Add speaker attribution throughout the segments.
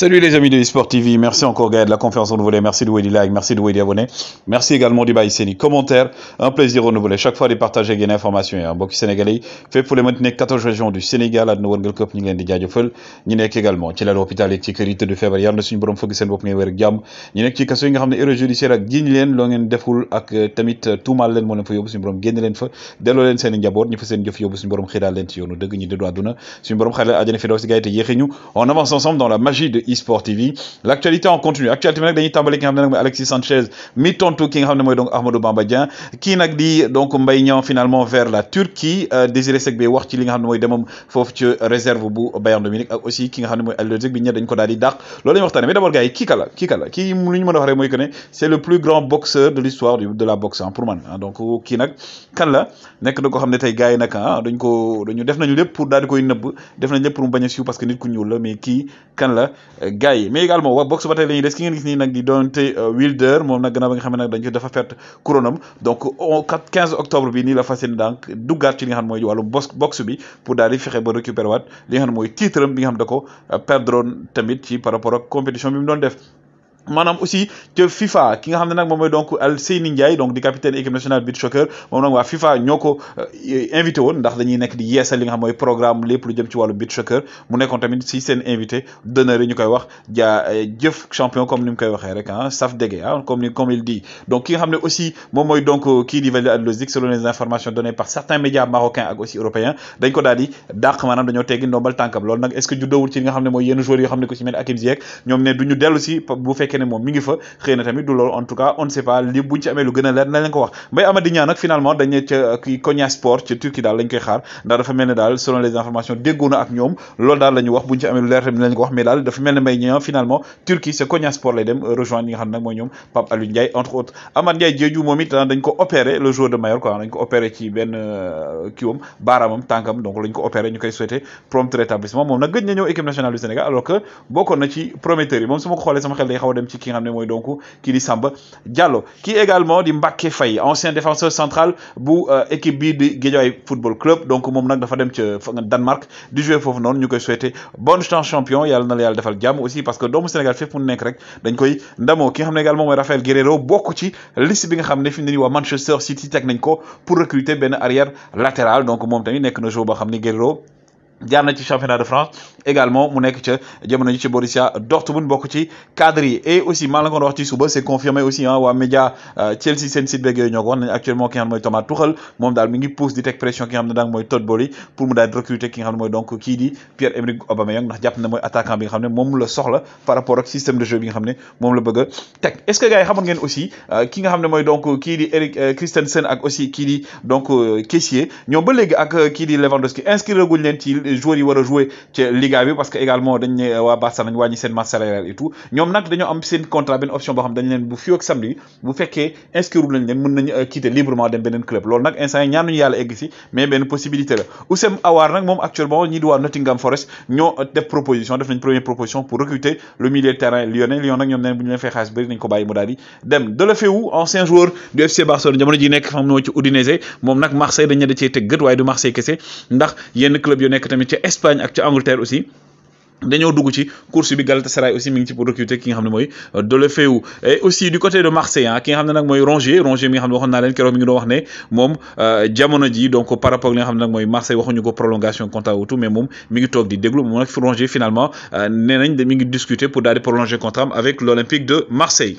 Speaker 1: Salut les amis de Sport TV, merci encore Gaël de la conférence renouvelée, merci de du like, merci de vous abonner, merci également du bail ni commentaire, un plaisir renouvelé chaque fois de partager des information. et un hein. bokk sénégalais fait pour les maintenir 14 régions du Sénégal àdduna wërngal këpp ñu ngi leen di jaajëfal ñi nekk également ci l'hôpital hôpital yeeg ci kër yi tëdd feebar yàlla na suñu borom fëgg seen bopp ngay wér ak jàmm ñi nekk ci kaso yi nga xam ne erreur judiciaire ak jiiñ leen loo ngeen deful ak euh, tamit euh, tuumaal leen moo leen fa yóbbu suñu borom génn leen fa delloo leen seen i njaboot ñu fa seen jëf yóbbu suñu borom xiiraal leen ci yoonu dëgg ñi dëddu àdduna suñu borom xale àjjana fi daw si gaay te yéexi on avance ensemble dans la magie de eSport TV l'actualité en continue. actualité bi nag dañuy tàmbali nga Alexis Sanchez mi tontu ki nga donc Ahmadou Bamba qui kii di donc Mbaye Niang finalement vers la Turquie euh, Désiré Seck bi wax ci li nga xam ne mooy ci réserve bu Bayern de Munich ak aussi ki nga xam ne mooy Aliou bi ñe dañ ko daal di dàq loolu la ñuy mais d'abord gars yi kii kala kii kala kii lu ñu wax rek que c'est le plus grand boxeur de l'histoire de la boxe hein, pour man hein. donc qui nag kan la nek na ko xam tay tey gars yi hein, dañ ko dañu def nañu lepp pour daal di koy neub def nañu lepp pour mu bañ a parce que nit ku ñuul la mais ki kan la gars yi mais également wa box ba tey la ñuy des ki ngeen gis nii nag di doonte euh, Wilder moom nag gannaaw ba nga xam ne nag dañ dafa perte couronne donc octobre bi ni la fas yéene donc duggaat ci li nga xam mooy wàllu box box bi pour daal di fexe ba récupérer waat li nga xam mooy titre am bi nga xam da ko euh, perdroon tamit ci par rapport ak compétition bi mu doon def. manam aussi ca FIFA ki nga xam nak nag moom donc Al Seyni Ndiaye donc di capitaine équipe nationale beach soccer moom nag waa FIFA ñoko euh, invité won ndax dañuy nek di yéssal li nga xam moy programme lepp lu jëm ci walu beach soccer mu nekkoon tamit ci seen invité d'honneur yi ñu koy wax jaa euh, jëf champion comme ni mu koy waxé rek hein saf dégué hein ah, comme ni comme il dit donc ki nga xam aussi moom mooy donc euh, kii di Walid Al-Hosdik selon les informations données par certains médias marocains ak aussi européens dañ ko daldi dakh manam dañu dañoo teggi ndombal tànkam loolu nag est-ce que ju dowul ci nga xam moy mooy joueur joueurs yoo xam ko ci mel akim Ziyech ñom né duñu dellu ci bu fekkee fekkee ne moom mi ngi fa xëy na tamit du loolu en tout cas on ne sait pas li buñ ci amee lu gën a leer na leen ko wax bay amadi ñaan nag finalement dañ ne ca euh, kii Konya Sport ca Turquie daal lañ koy xaar ndax dafa mel ne daal selon les informations déggoo ak ñoom loolu daal la ñu wax buñ ci amee lu leer tamit lañ ko wax mais daal dafa mel ne Mbaye Niang finalement Turquie c'est Konya Sport lay dem euh, rejoindre ñi nga xam ne nag mooy ñoom Pape Alioune Ndiaye entre autres Amath Ndiaye Diédhiou moom it ah, dañ ko opéré le jour de Mayor quoi dañ ko opéré ci benn euh, kiwam baaraamam tànkam donc lañ ko opéré ñu koy souhaité prompt rétablissement moom nag gëj na ñëw équipe nationale du Sénégal alors que bokkoon na ci prometteur yi moom su ma ko xoolee sama xel day xaw dem ci ki nga xam ne donc kii di Samba Diallo qui également di Mbaké Faye ancien défenseur central bu euh, équipe bii di Guédiawaye football club donc mom nak dafa dem ci Danemark du jouer fofu non ñu souhaiter bonne chance champion yalla na la yàlla defal jàmm aussi parce que doomu Sénégal fépp mu nek rek dañ koy ndamo ki nga xam ne également mooy Raphaël Guerreiro bokk ci liste bi nga xamné fi ni wa Manchester City teg nañ ko pour recruter ben arrière latéral donc mom tamit nek na joueur bo xamné Guerrero Dernier na ci championnat de France également mu nekk ca ci Borussia Dortmund bokk ci cadre et aussi malgré la ait wax ci suba c'est confirmé aussi hein. Ou média euh, Chelsea seen site beeg yooyu actuellement ki est en mode Thomas Tuchel moom daal pousse di teg pression ki est en ne daal mooy pour mu daal di recruter ki est en mode donc qui di Pierre-Emerick Aubameyang ndax jàpp na mooy attaquant bi nga xam ne moom la soxla par rapport au système de jeu bi nga xam ne moom la bëgg a est-ce que gars yi xamoon aussi euh, ki nga en mode donc qui di Eric euh, Christensen ak aussi qui di donc Kessié ñoom ba léegi ak kii di Lewandowski inscrire guñ leen ci joueurs yi war a jouer ca Liga bi parce que également dañ ne waa Barça nañ wàññi seen masse salariale et tout ñom nak dañu am sen contrat ben option bo xam dañ leen bu fii ak samedi bu fekkee inscrire lañ leen mën euh, quitter librement dem benen club lool nak instant ñaanu ñaanuñu yàlla egg ci mais ben possibilité la Oussem awar nak mom actuellement ñi di waa Nottingham Forest ñoo def proposition def nañ première proposition pour recruter le milieu de terrain lyonnais Lyon nak ñom leen buñu leen fay xaalis bari nañ ko bayyi mu daal di dem Deulofeu ancien joueur du FC Barcelone jamono ji nek fam no ci Udinese mom nak Marseille dañ ne da ci teg gët du Marseille kessé ndax yenn club yu nek tamit ci Espagne ak ci Angleterre aussi dañoo dugg ci course bi Galatasaray aussi mi ngi ci pour recruter ki nga xam ne mooy et aussi du côté de Marseille ah ki nga xam ne nag mooy Rongier Rongier mi nga xam ne waxoon naa leen keroog mi ngi doon wax ne moom euh, jamono ji donc par rapport li nga xam ne nag mooy Marseille waxuñu ko prolongation contrat wutu mais moom mi ngi toog di déglu moom nag Rongier finalement euh, nee nañ mi ngi discuter pour daal di prolonger contrat am avec l'Olympique de Marseille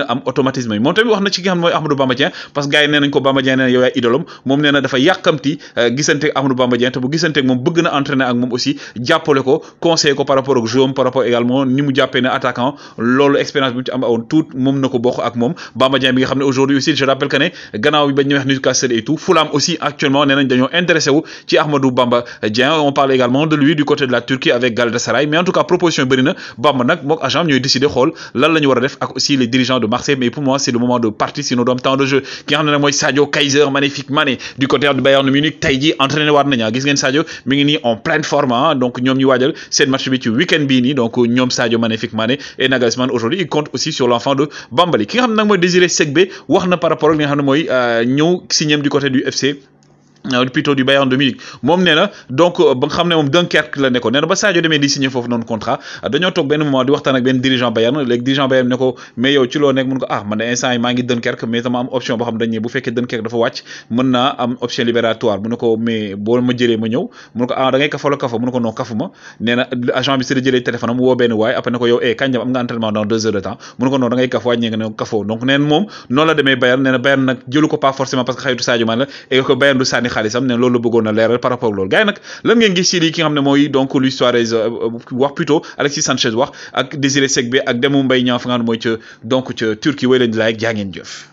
Speaker 1: a am automatisme yi moom tamit wax na ci nga xam mooy Amadou Bamba Dieng parce que gars yi nee nañ ko Bamba Dieng nee na yow yaay idolom moom nee na dafa yàkkamti euh, gisante ak Amadou Bamba Dieng te bu gisante ak moom bëgg na entraîner ak moom aussi jàppale ko conseiller ko par rapport ak joueur par rapport également ni mu jàppee ne attaquant loolu expérience bi mu ci am awoon tout moom na ko bokk ak moom Bamba Dieng bi nga xam ne aujourd'hui aussi je rappelle que ne gannaaw bi bañ ñëwee Newcastle et tout Fulham aussi actuellement nee nañ dañoo intéressé wu ci Amadou Bamba Dieng on parle également de lui du côté de la Turquie avec Galatasaray mais en tout cas proposition bëri na Bamba nag mook agent ñooy décidé. xool lan la ñu war a def ak aussi les dirigeants de Marseille. Mais pour moi, c'est le moment de partir sur nos temps de jeu. Qui a xam moi, Sadio Kaiser magnifique Mané du côté de Bayern de Munich Taïdi, entraîneur entraîné waat Sadio mi en pleine forme ah. donc nous ñu eu le match bi week-end Bini, donc ñoom Sadio magnifique Mané et Nagelsmann aujourd'hui il compte aussi sur l'enfant de Bambali Qui a xam moi, de Désiré Segbe ou par rapport à li nga euh, du côté du FC ah, plutôt du Bayern de Munich mom nee na donc euh, ba nga xam ne Dunkerque la nekkoon nee ba Sadio demee di signer fofu non contrat ah, dañu tok ben moment di waxtan ak ben dirigeant Bayern le dirigeant Bayern neko mais yow ci lo nekk mun ko ah man de instant yi ngi Dunkerque mais dama am option boo xam dañ bu fekkee Dunkerque dafa wacc mën naa am option libératoire mu ko mais boo ma jëlee ma ñëw mu ko ah da ngay kafala kafa mu ko non kafuma ma na agent bi si la téléphone am woo ben waay après ne yow eh kañ am nga entraînement dans deux heures de temps mu ko non da ngay ka wàññi nga donc neen mom non la demee Bayern nee na Bayern nak jëlu ko pas forcément parce que xëyitu Sadio Mané la et que Bayern du sànni xaalisam ne loolu la bëggoon a leeral par rapport ak loolu gars yi nag lan ngeen gis ci lii ki nga xam ne mooy donc Luis Suarez euh, euh, wax plutôt Alexis Sanchez wax ak Désiré Segbe ak Demba Mbaye Niang nga xam ne mooy ca donc ca Turquie way leen di laay ak jaa ngeen jëf